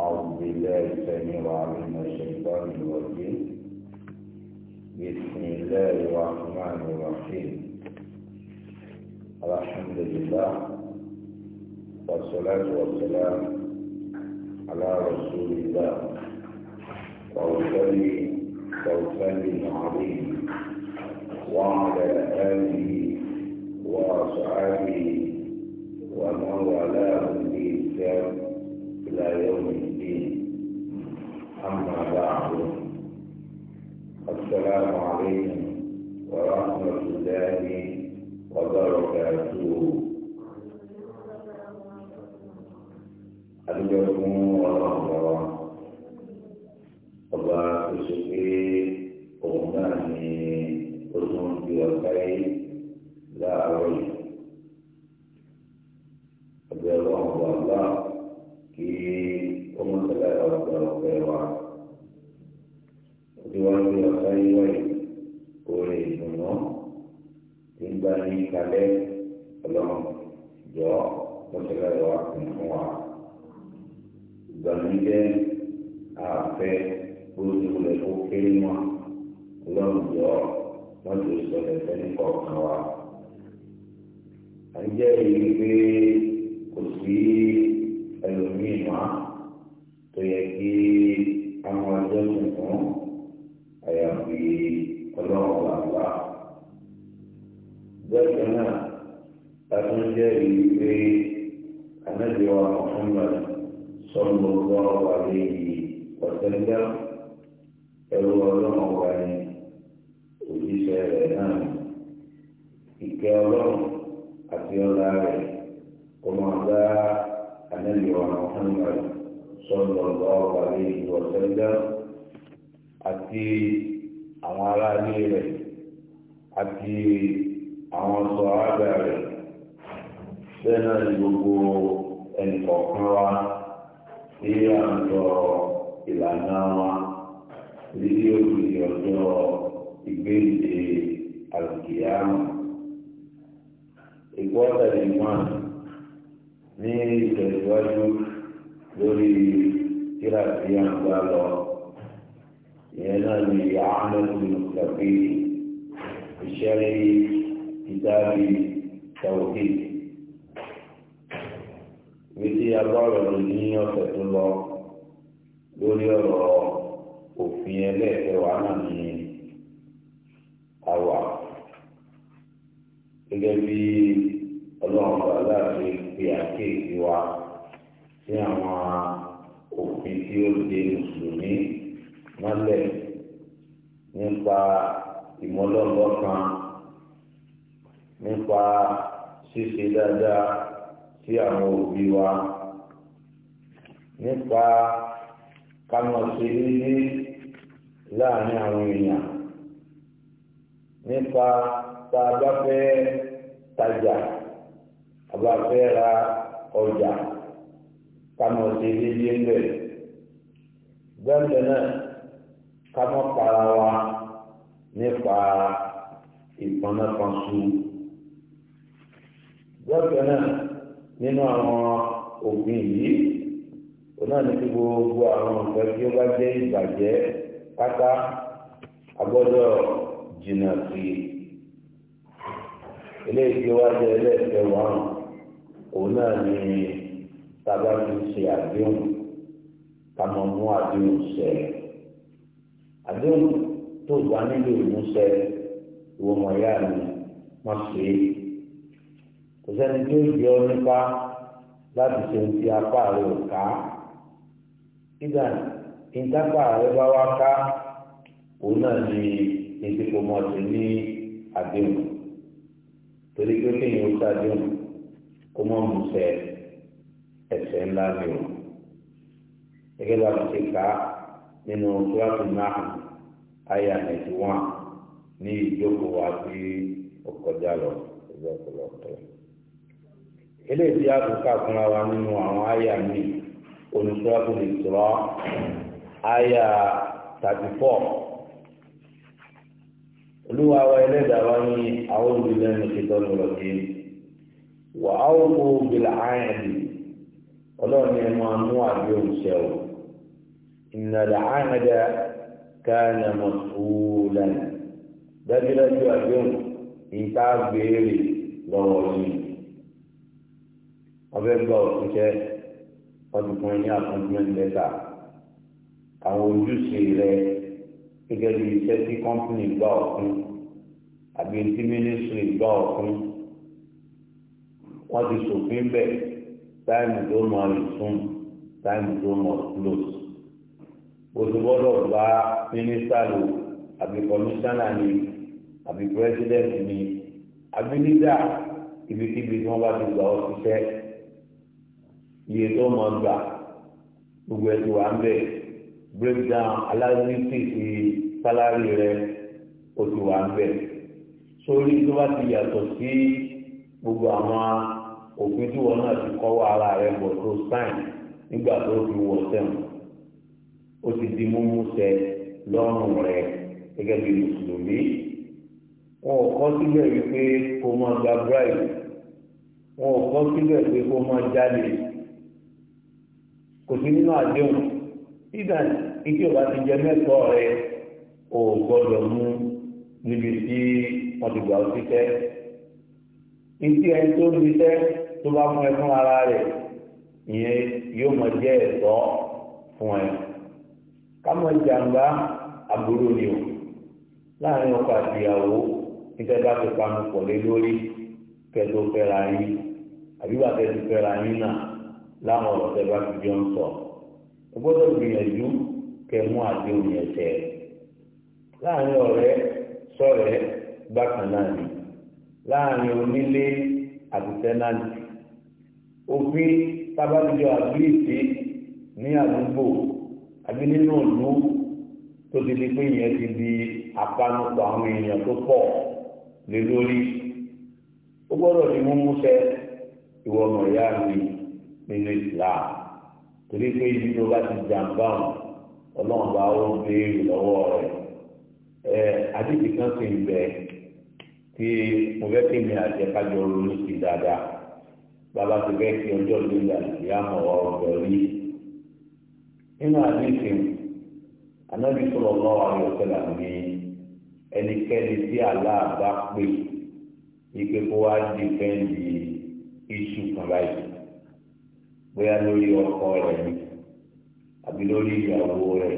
أعوذ بالله السميع العليم من الشيطان الرجيم بسم الله الرحمن الرحيم الحمد لله والصلاة والسلام على رسول الله وأصلي وأسلم عليه وعلى آله وأصحابه ومن والاهم بإحسان إلى يوم الدين أما بعد السلام عليكم ọlọ́run jọ lọ́sọ̀rọ̀ ẹ̀rọ àkùnfún wa ìgbàlódé àfẹ́ olùdókòlẹ̀ tó kéré wọn ọlọ́run jọ lọ́sọ̀rọ̀ ìsọ̀lẹ̀ fẹ́ni kọ̀ọ̀kan wa. àìjẹ́ èyí pé kò sí ẹlòmíì mọ́ tó yẹ kí àwọn ọjọ́ tuntun àyàfi ọlọ́run wà wá. bẹ́ẹ̀ náà. لكن جاري في محمد صلى الله عليه وسلم الولد أولاني òjíṣẹ́ rẹ̀ náà ìkẹ́ ọlọ́run àti ọlá rẹ̀ kò máa bá anẹ́lẹ́wà Muhammad sọ̀rọ̀ lọ́wọ́ àlẹ́ ìlú àwọn aráalé rẹ̀ àti àwọn bẹ́ẹ̀ náà ni gbogbo ẹnìkọ̀ọ̀kan wa ní àjọ ìlànà wa ní òbí ọjọ́ ìgbéǹde àlùkìyàmù. ìgbọ́dọ̀ ìmọ̀ ní ìtẹ̀síwájú lórí kíra tí lọ ìyẹn náà ni àánọ́tì tàbí ìṣẹ́rí ìdábì tàwọ́kì gbèsè agbọ́rọ̀ ní ọ̀sẹ̀ tó lọ lórí ọ̀rọ̀ òfin ẹlẹ́ẹ̀kẹwàá náà ní àwà gẹ́gẹ́ bí ọlọ́run bàbá ṣe pe àkéèké wa sí àwọn òfin tí ó de mùsùlùmí mọ́lẹ̀ nípa ìmọ̀lọ́gbọ́n kan nípa ṣíṣe dáadáa sí àwọn òbí wa nípa ká máa ṣe nílé láàrin àwọn èèyàn nípa tá a bá fẹ́ tajà a bá fẹ́ ra ọjà ká máa ṣe nílé bẹ́ẹ̀ gbẹ́ǹdẹ̀ náà ká máa para wa nípa ìpọnákanṣu gbẹ́ǹdẹ̀ náà nínú àwọn òfin yìí onáà ní kí gbogbo àwọn nǹkan tí ó bá jẹ́ ìbàjẹ́ pátá agbọ́dọ̀ jìnnà sí i eléyìí tí ó wá jẹ́ ẹlẹ́ẹ̀kẹwàá òun náà ní tábà ti ṣe àdéhùn ká mọ mú àdéhùn ṣẹ àdéhùn tó bá nílò ìmúṣẹ ìwọ̀n mọ̀ yára ni wọ́n ṣe é kò sẹ́ni tí ó yẹ ọ nípa láti ṣe ti apá rẹ ò ká nígbà ìdápá rẹ bá wá ká òun náà ni ìdìpọ̀mọ̀sí ní àdéhùn torí pé kéèyàn ó ṣàdéhùn kó mọ̀ mùsẹ̀ ẹ̀ṣẹ̀ ńlá ni o gẹ́gẹ́ bá ti ṣe ká nínú kíláàsì náà àyà nàìjíríà ní ìjókòó àti ọkọjá lọ ìjọba ọ̀pọ̀lọpọ̀ eléyìí tí a kò kà fúnra wa nínú àwọn àyà mi oníṣòwò lè sọ̀rọ̀ àyà thirty four olúwa wa ẹlẹ́dàá wa ní àwọn olùdílé ní ìṣètọ́nù lọ́kì wà á ó kó bìlà áyàdì ọlọ́run ẹ̀ máa mú àbí òṣìṣẹ́ o ìnàdà áyàdà káàna mọ̀tòlá dájúdájú àdéhùn ìta béèrè lọ́wọ́ yìí ọbẹ̀ gba òṣìṣẹ́ ọdún kan ní appointment letter àwọn ojúṣe rẹ gẹ́gẹ́ bí iṣẹ́ tí company gbà ọ́ fún àbí tí ministry gbà ọ́ fún wọ́n ti ṣòfin bẹ̀ táìmù tó mọ̀ ìsún táìmù tó mọ̀ close bó ti gbọ́dọ̀ bá mínísítà lò àbí kọmíṣánná ni àbí pírẹsidẹ́ǹtì ni àbí nígbà ibikíbi tí wọ́n bá ti gbà ọ́ ṣiṣẹ́ iye tó mọ gbà gbogbo ẹ̀ ti wà ń bẹ̀ breakdown aláìsí ti sálárì rẹ o ti wà ń bẹ̀ sórí tó bá ti yàtọ̀ sí gbogbo àwọn òfin tí wọn náà ti kọ́wọ́ ara rẹ bọ̀ tó sáìn nígbà tó fi wọ̀ sẹ́wọ̀n ó ti di mímú sẹ lọ́rùn rẹ gẹ́gẹ́ bí mùsùlùmí wọn ò kọ́ síbẹ̀ wípé kó máa gba bribe wọn ò kọ́ síbẹ̀ pé kó máa jáde kò sí nínú àdéhùn ìdá ìdí ọba ti jẹ mẹ́tọ́ rẹ ò gbọ́dọ̀ mú níbi tí wọ́n ti gbà ó sí tẹ́ ìdí ẹni tó ń bi tẹ́ tó bá fún ẹ fún ara rẹ̀ ìyẹn yóò mọ jẹ́ ẹ̀tọ́ fún ẹ kámọ̀ jàǹbá àbúrò ni o láàrin ọkọ àtìyàwó níta bá ti panu pọ̀ lé lórí kẹtó fẹ́ra yín àbí bàtẹ́ ti fẹ́ra yín náà láwọn ọ̀rọ̀ tẹ́ bá fi jọ ń sọ o gbọ́dọ̀ gbìyànjú kẹ́ mú àdéhùn yẹn tẹ́ láàrin ọ̀rẹ́ sọ̀rẹ́ bákan náà ni láàrin onílé àti tẹ́nàntì òfin tábàdìjọ àbílíìsì ní àdúgbò àbí nínú ìlú tó ti di pé yẹn ti di apanupọ̀ àwọn èèyàn tó pọ̀ lé lórí ó gbọ́dọ̀ ní mímú sẹ́ ìwọ ọmọ ìyá mi nínú Islam torí pé ibi tó bá ti jàǹbá wọn ọlọ́run bá ó béèrè lọ́wọ́ rẹ̀ ẹ àdìsí kan sì ń bẹ tí mo fẹ́ kí mi àti ẹ̀ka jọ ronú sí dáadáa bàbá ti fẹ́ kí ọjọ́ ìgbéga ìyáàmọ̀ ọ̀rọ̀ bẹ̀ rí nínú àdìsí anábì sọ̀rọ̀ lọ́wọ́ àyọ̀kẹ́lá mi ẹnikẹ́ni tí aláàbá pè ní pé kó wá dìfẹ́ǹdì iṣu kan báyìí. bóyá lórí ọkọ rẹ ni àbí lórí ìyàwó rẹ̀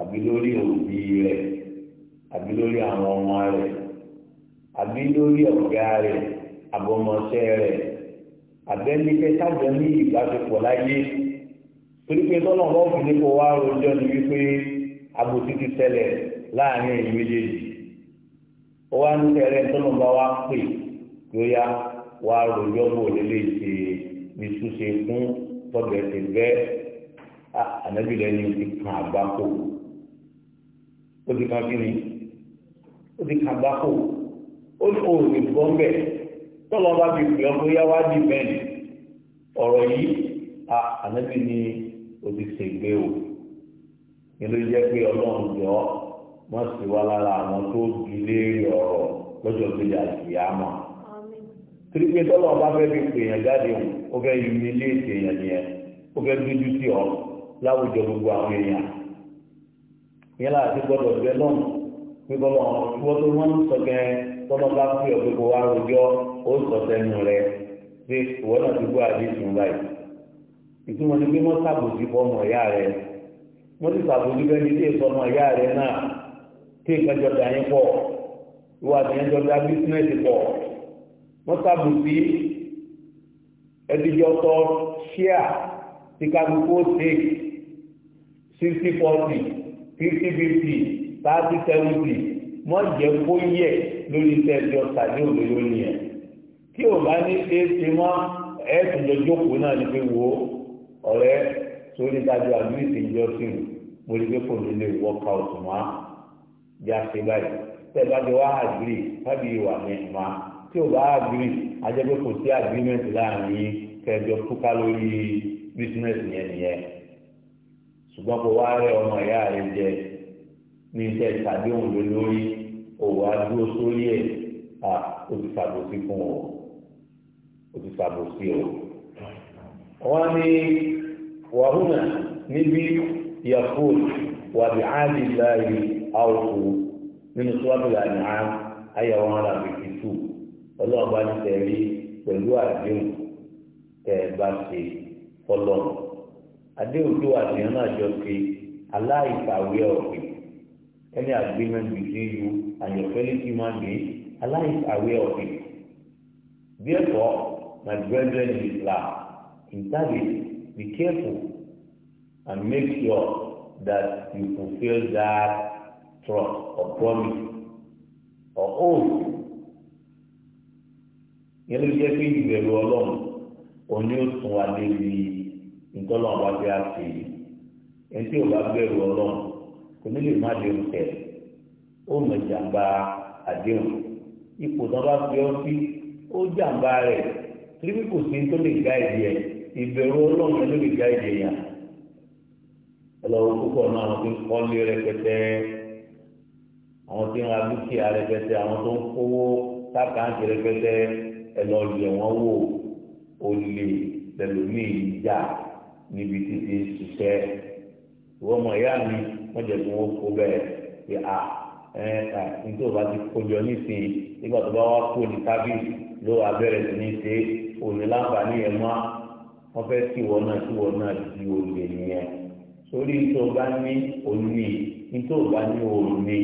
àbí lórí òbí rẹ̀ àbí lórí àwọn ọmọ rẹ̀ àbí lórí ní láyé torí pé tọ́lọ̀ ń bọ́ fún kó wá rojọ́ ni wípé abòsí ti láàrin méjèèjì ó wá ń tẹ̀lé tọ́lọ̀ ń bá wá pè lóyá wá iṣu ṣe kún tọ́bẹ̀ ti bẹ́ ànábì lẹ́ni ti kan àgbákò ó ti kan kíni o ti kan àgbákò ó ní òòrùn ìgbọ́nbẹ̀ tọ́lọ́ bá fi pè ọ́ pé yá wá di bẹ́ẹ̀ni ọ̀rọ̀ yìí ànábì ni ó ti ṣègbè o ìlú jẹ́ pé ọlọ́run jọ wọ́n sì wá lára àwọn tó dilé ọ̀rọ̀ lọ́jọ́ gbélé àti ìyá torí pé tọ́lọ̀ ọba fẹ́ fi pè jáde o ó fẹ́ humiliate èèyàn nìyẹn ó fẹ́ dójú sí ọ láwùjọ gbogbo àwọn èèyàn ìyẹn láti gbọdọ̀ bẹ náà pé bọ́lọ̀ wọ́n tó wọ́n sọ kẹ́ tọ́lọ̀ bá fi ọ̀gbẹ́ kó wá rojọ́ ó sọ sẹ́nu rẹ pé ìwọ náà ti gbọ́ àdé sùn báyìí ìtumọ̀ ni pé wọ́n sàbòsí fọmọ ìyá rẹ wọ́n ti sàbòsí fẹ́ ní ilé ìfọmọ ìyá rẹ náà tí ìkẹjọ dà wọ́n sábùsí ẹdíjọ́ tọ́ ṣíà tí kálukú ó ṣe sixty forty fifty fifty thirty seventy wọ́n jẹ́ kó yẹ lórí tẹ́jọ́ tàbí òdòdó nìyẹn kí o bá ní ṣe é ṣe mọ́ ẹ̀sùn jọ jókòó náà ní pé wo ọ̀rẹ́ sórí ìdájọ́ àdúrà ìṣèjọ́ sí i mo rí pé kò ní lè work out bí a ṣe báyìí tẹ́gbàjọ wá àdúrà tábìlì wà ní ìmọ̀ tí ò bá agree ajẹ́pẹ́ kò sí agreement láàrin kẹjọ fúkà lórí business yẹn nìyẹn ṣùgbọ́n kò wá rẹ ọmọ ìyá rẹ jẹ ní iṣẹ́ ìtàgé òun ló lórí òwò adúró sórí ẹ̀ à ó ti ṣàbòsí fún ọ ó ti ṣàbòsí ọ. wọ́n ní wàhùnà níbi yafur wàbí áàdì láàyè àwòkù nínú sọ́wọ́bìlà ní àyàwó ara fifty ọlọ́run bá ti tẹ̀lé pẹ̀lú àdéhùn tẹ̀ bá ṣe fọlọ́ àdéhùn tó àdéhùn náà jọ ṣe aláìkàwé ọ̀gbìn any agreement between you and your fellow human being aláìkàwé ọ̀gbìn therefore my brethren in Islam in service be careful and make sure that you fulfil that trust or promise or oath yẹn ló jẹ́ pé ìbẹ̀rù ọlọ́run òní ó tún wa débi nǹkan lọ́wọ́ wá bí a fi ẹni tí ò bá bẹ̀rù ọlọ́run kò ní lè má déhùn tẹ̀ ó mọ̀ jàǹbá àdéhùn ipò tó bá fi ọ́ sí ó jàǹbá rẹ̀ torí kò sí tó lè ga ìdí ẹ̀ ìbẹ̀rù ọlọ́run ló lè ga ìdí yẹn ọlọ́run púpọ̀ náà àwọn tó ń kọ́lé rẹpẹtẹ àwọn tó ń ra dúkìá rẹpẹtẹ àwọn tó ń kówó sákàǹtì rẹpẹtẹ ẹ lọ lé wọn wò ó lè lẹlòmíì yá níbi títí ṣiṣẹ́ ìwọ ọmọ ìyá mi wọn jẹ kí wọn kó bẹ́ẹ̀ pé a ẹ ẹ nítorí o bá ti kójọ nísìnyí nígbà tó bá wá kó ní tábìlì ló wà bẹ̀rẹ̀ sí ní ṣe òní láǹfààní ẹ mọ wọn fẹẹ sí ìwọ náà sí ìwọ náà di olè nìyẹn sórí nítorí o bá ní òní nítorí o bá ní òní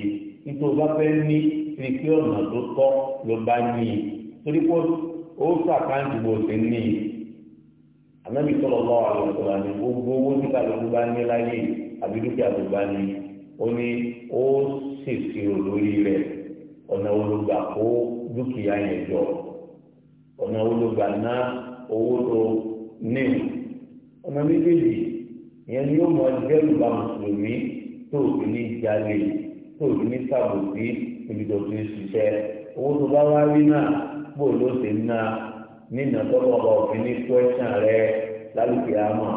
nítorí o bá fẹẹ ní ní kí ọ̀nà tó tọ́ ló bá ní i. torí pé ó sọ àkáǹtì bó ṣe ní i ànábì sọlọ lọ àwọn ọ̀sọ̀rọ̀ àti gbogbo owó tí kálukú bá ní láyé àbí dúkìá tó bá ní ó ní ó ṣèṣirò lórí rẹ̀ ọ̀nà olùgbà kó dúkìá yẹn jọ ọ̀nà olùgbà ná owó tó níwò ọ̀nà méjèèjì ìyẹn ni ó mọ mùsùlùmí tó o bó ló ṣe ná nínà tọ́lọ́ ọba òfin ní kwẹ́sàn rẹ lálùkì àmà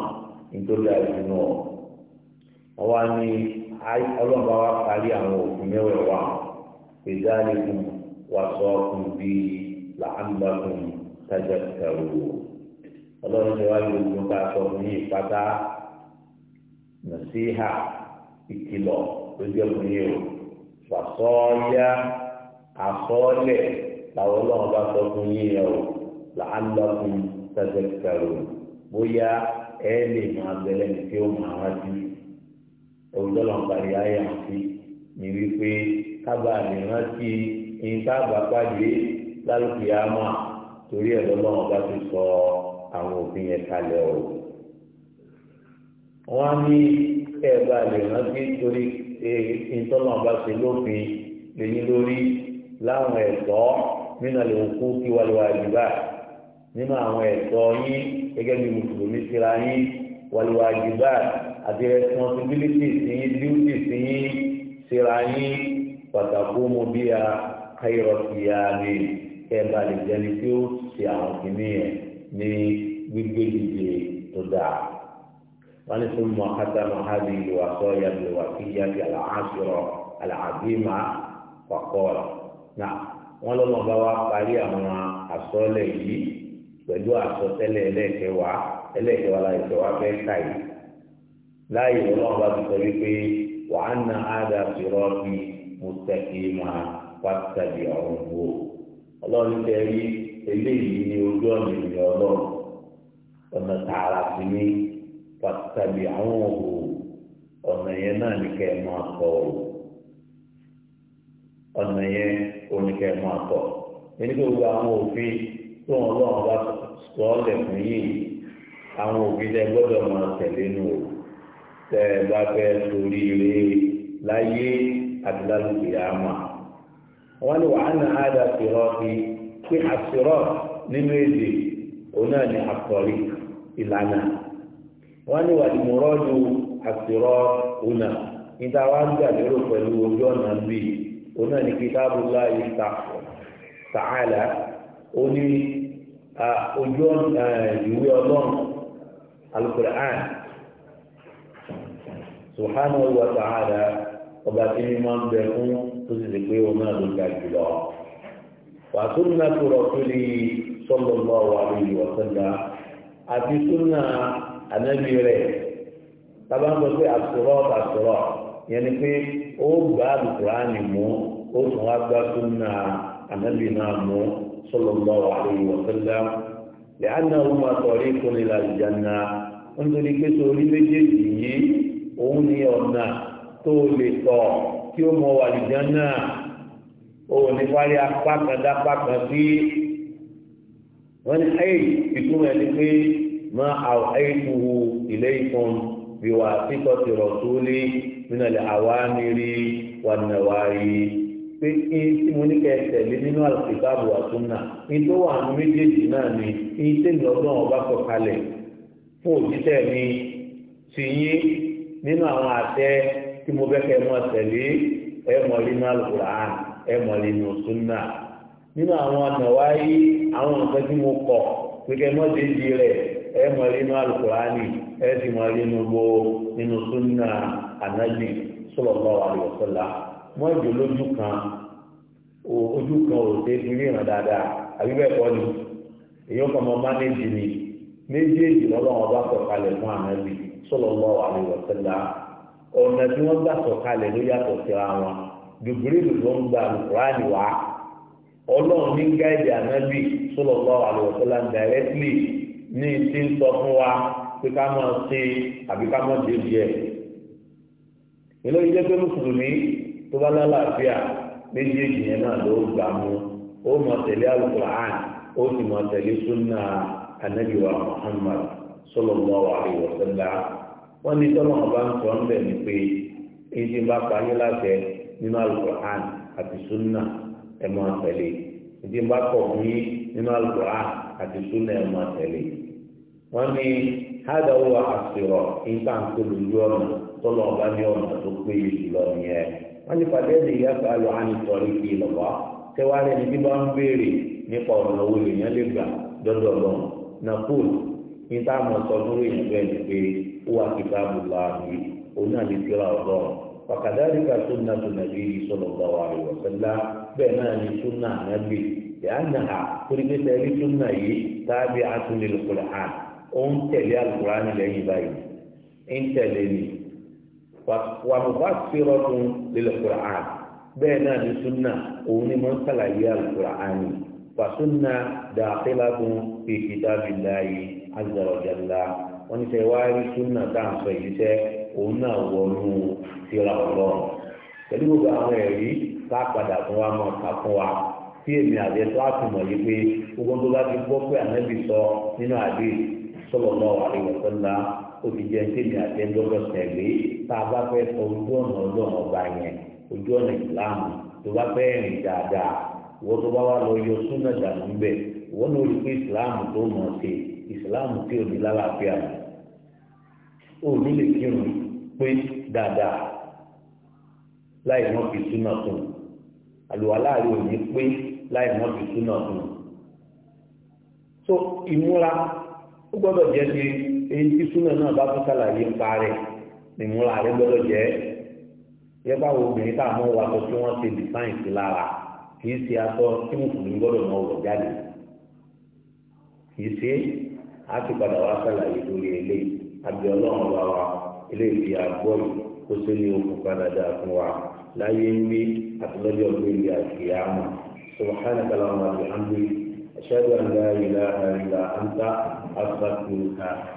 nítorí àìsàn ọ̀ ọwọ́ ni ọlọ́ọ̀bá wa parí àwọn òfin mẹ́wẹ̀ẹ́ wa ìdánilẹ́kùn wà sọ ọkùn bíi làánúbàkùn tájà kẹrù ọlọ́run ṣe wá lóògùn ká sọ fún yìí pátá nàṣíhà ìkìlọ̀ lójú ẹ̀kún yìí o wà sọ ọ́ yá àsọ́ọ́lẹ̀ làwọn ọlọ́run bá sọ fún yín yẹn o làálọ́kùn tẹ̀sẹ̀kẹ̀rù bóyá ẹ lè máa bẹ̀rẹ̀ ní kí ó máa rájú òwúrọ̀ lọ́n parí ayé àti ní wípé kábà lè rántí nǹkan àbápàdé lálùkù yá mà torí ẹ̀ lọ́lọ́run bá ti sọ àwọn òfin yẹn kalẹ̀ o. wọ́n á ní ẹ̀ẹ́dà lè rántí torí ìtọ́lọ́run eh, bá ṣe lófin lè lórí láwọn ẹ̀tọ́ nínú àlèkò kí wàlúwàjìbá nínú àwọn ẹ̀tọ́ yín gẹ́gẹ́ bí mùsùlùmí síra yín wàlúwàjìbá àti responsibility sí yín duty sí yín síra yín pàtàkó mo bí a káyọ̀ sí ya mi kẹ́ ẹ bá lè jẹni tí ó ṣe àwọn kìíní yẹn ní gbígbé dìde tó dáa wọ́n ní fún mọ́ kátàmọ́ hábì ìwà sọ́ọ̀yà ìwà kíyà ti àlàáṣírọ̀ àlàábìmá wàkọ́ọ̀rọ̀ náà. wọn lọ́nà bá wa parí àwọn àsọlẹ̀ yìí pẹ̀lú àsọtẹ́lẹ̀ ẹlẹ́kẹwàá ẹlẹ́kẹwàá la ìṣẹ̀wá fẹ́ kà yìí láàyè ọlọ́run bá ti sọ wípé wàá na ádà fìrọ́ bí mùsàkìmà pàtàkì ọ̀hún wò ọlọ́run tẹ rí eléyìí ní ojú ọ̀nà ìrìn ọlọ́run ọ̀nà tààrà sí ní ọ̀nà yẹn náà ní ọ̀nà yẹn oníkẹ́ máa tọ̀ nínú gbogbo àwọn òfin tó wọn lọ́wọ́ bá sọ ọ́ lẹ̀kùn yìí àwọn òfin tẹ gbọ́dọ̀ máa tẹ̀lé nù o tẹ ẹ bá fẹ́ torí rẹ láyé àti lálùkù yà á mà wọn ni wàá nà á dà sírọ́ fi pé àsírọ́ nínú èdè òun náà ni àsọ̀rí ìlànà wọn ni wàá dìmọ̀rọ́ ju àsírọ́ òun náà níta wàá gbà lérò pẹ̀lú ojú ọ̀nà bíi òun náà ní kitabullahi ta'ala ó ní ojú ìwé ọlọ́run al-Qur'an subhanahu wa ta'ala ọba tí mi máa ń bẹ fún tó sì ti pé òun náà ló ga jùlọ. wa sunnatu rasuli sallallahu alaihi wa sallam àti súnà ànábì rẹ̀ tábà ń sọ pé àsùrọ̀ àsùrọ̀ yẹn ni pé ó gbá àlùkùránì mú ó tún wá gbá súnà ànábì náà mú sallallahu alaihi wa sallam li'annahuma tariqun ila al-jannah nítorí pé torí méjèèjì yìí òun ni ọ̀nà tó lè tọ̀ tí ó mọ wà àlùjánnà òun ní parí apá kan dá apá kan sí wọ́n ní ayé ìtumọ̀ ẹni pé máa àwọ̀ ayé tuhu ilaykum bí wàá títọ́ ti rọ̀ tó lé nínú ilẹ̀ àwa nírí wà nínú ẹ̀wà rí pé kí tí mo ní kẹ́ tẹ̀lé nínú àlùkìtàbù àtúnà ní tó wà ní méjèèjì náà ni ní tèmi ọgbọ́n ọba sọ kalẹ̀ fún òjíṣẹ́ mi ti yín nínú àwọn àtẹ tí mo bẹ́kẹ̀ mọ́ tẹ̀lé ẹ mọ̀ nínú àlùkùrán ànábì sallallahu alaihi wasallam mọ́ ìjò lójú kan ojú kan ò dé fi ríran dáadáa àbí kọ́ ni èyí kan mọ mánéjì ni méjèèjì lọ́lọ́wọ́ bá sọ̀kalẹ̀ fún ànábì sallallahu alaihi ọ̀nà tí wọ́n gbà sọ̀kalẹ̀ ló yàtọ̀ síra wọn dùgbìrìlù ló ń gba àlùkùránì wá ọlọ́run ní gáìdì ní ti ń sọ fún wa pé ká ṣe àbí ká eléyìí jẹ́ pé mùsùlùmí tó bá lálàáfíà méjèèjì yẹn náà ló gbà mú ó mọ̀ tẹ̀lé alukur'an ó sì mọ̀ tẹ̀lé sunna anabi wa muhammad sallallahu alaihi wasallam wọ́n ní tọ́lọ́ ọba ń sọ ń bẹ̀ ní pé èyí bá parí láṣẹ nínú alukur'an àti ẹ̀ mọ̀ tẹ̀lé bá sunna ẹ̀ mọ̀ tẹ̀lé wọ́n ní tọ́lọ̀ ọba ní ọ̀nà tó péye jùlọ nìyẹn wọ́n ní pàdé ẹ̀dẹ̀ ìyá kan lọ á ní sọ̀rí kí ìlọ́wọ́ tẹ́wárẹ́ ni bí bá ń béèrè nípa ọ̀nà owó èèyàn lè gbà dọ́dọ̀ lọ napol ní táwọn sọ dúró èèyàn bẹ́ẹ̀ ni pé ó wà kíkà àbùlà àbí òun náà lè kíra ọ̀dọ́ wàkàdáríkà súnà tùnàbí sallallahu alaihi wasallam bẹ́ẹ̀ náà ni súnà nàbí ìyáàna torí pé sẹ́rí súnà yìí tábí àtúnlẹ̀ lùkùrán ó ń tẹ̀lé àlùkùrán lẹ́yìn báyìí ń tẹ̀lé ni wà mufassiratun lil Qur'an bẹ́ẹ̀ náà ni sunna òun ni máa ń sàlàyé al-Qur'an ni fa sunna fi kitabillahi azza wa jalla wọ́n ní sẹ́ wáá rí sunna tá à ń sọ yìí sẹ́ òun náà wọnú síra ọlọ́run pẹ̀lú gbogbo àwọn ẹ̀rí tá a padà fún wa máa kà fún wa tí èmi àti ẹ̀tọ́ àtùmọ̀ yìí pé gbogbo tó bá ti gbọ́ pé ànábì sọ nínú àdé sallallahu alaihi wasallam òbí jẹ́ sèmi àtẹ́gbọ́dọ̀ tẹ̀lé tá a bá fẹ́ sọ ojú ọ̀nà ọlọ́run ọba yẹn ojú ọ̀nà ìsìláàmù tó bá fẹ́ rìn dáadáa wọ́n tó bá wà lọ yọ súnà dànù bẹ̀ wọ́n ní orí pé ìsìláàmù tó mọ̀ ṣe ìsìláàmù tí ò ní lálàáfíà ò ní lè kírun pé dáadáa láì mọ́ fi súnà fún un àlùwàlá rẹ̀ pé láì mọ́ fi súnà fún so ìmúra ó gbọ́dọ̀ jẹ́ ti èyí tí súnà náà bá tún sàlàyé ń parẹ́ ìmúra rẹ gbọ́dọ̀ jẹ́ yẹ báwo obìnrin tá a mọ̀ wá sọ tí wọ́n ṣe design sí lára kì í ṣe aṣọ tí mùsùlùmí gbọ́dọ̀ náà wọ̀ jáde kì ṣe á ti padà wá sàlàyé lórí eléyìí àbí ọlọ́run bá wa eléyìí fi àgbọ̀ yìí kó tó ní okùn padà fún wa láyé ń bí àtúnlọ́jọ́ gbé ilé àti àmọ́ سبحانك اللهم وبحمدك أشهد أن لا إله إلا أنت أستغفرك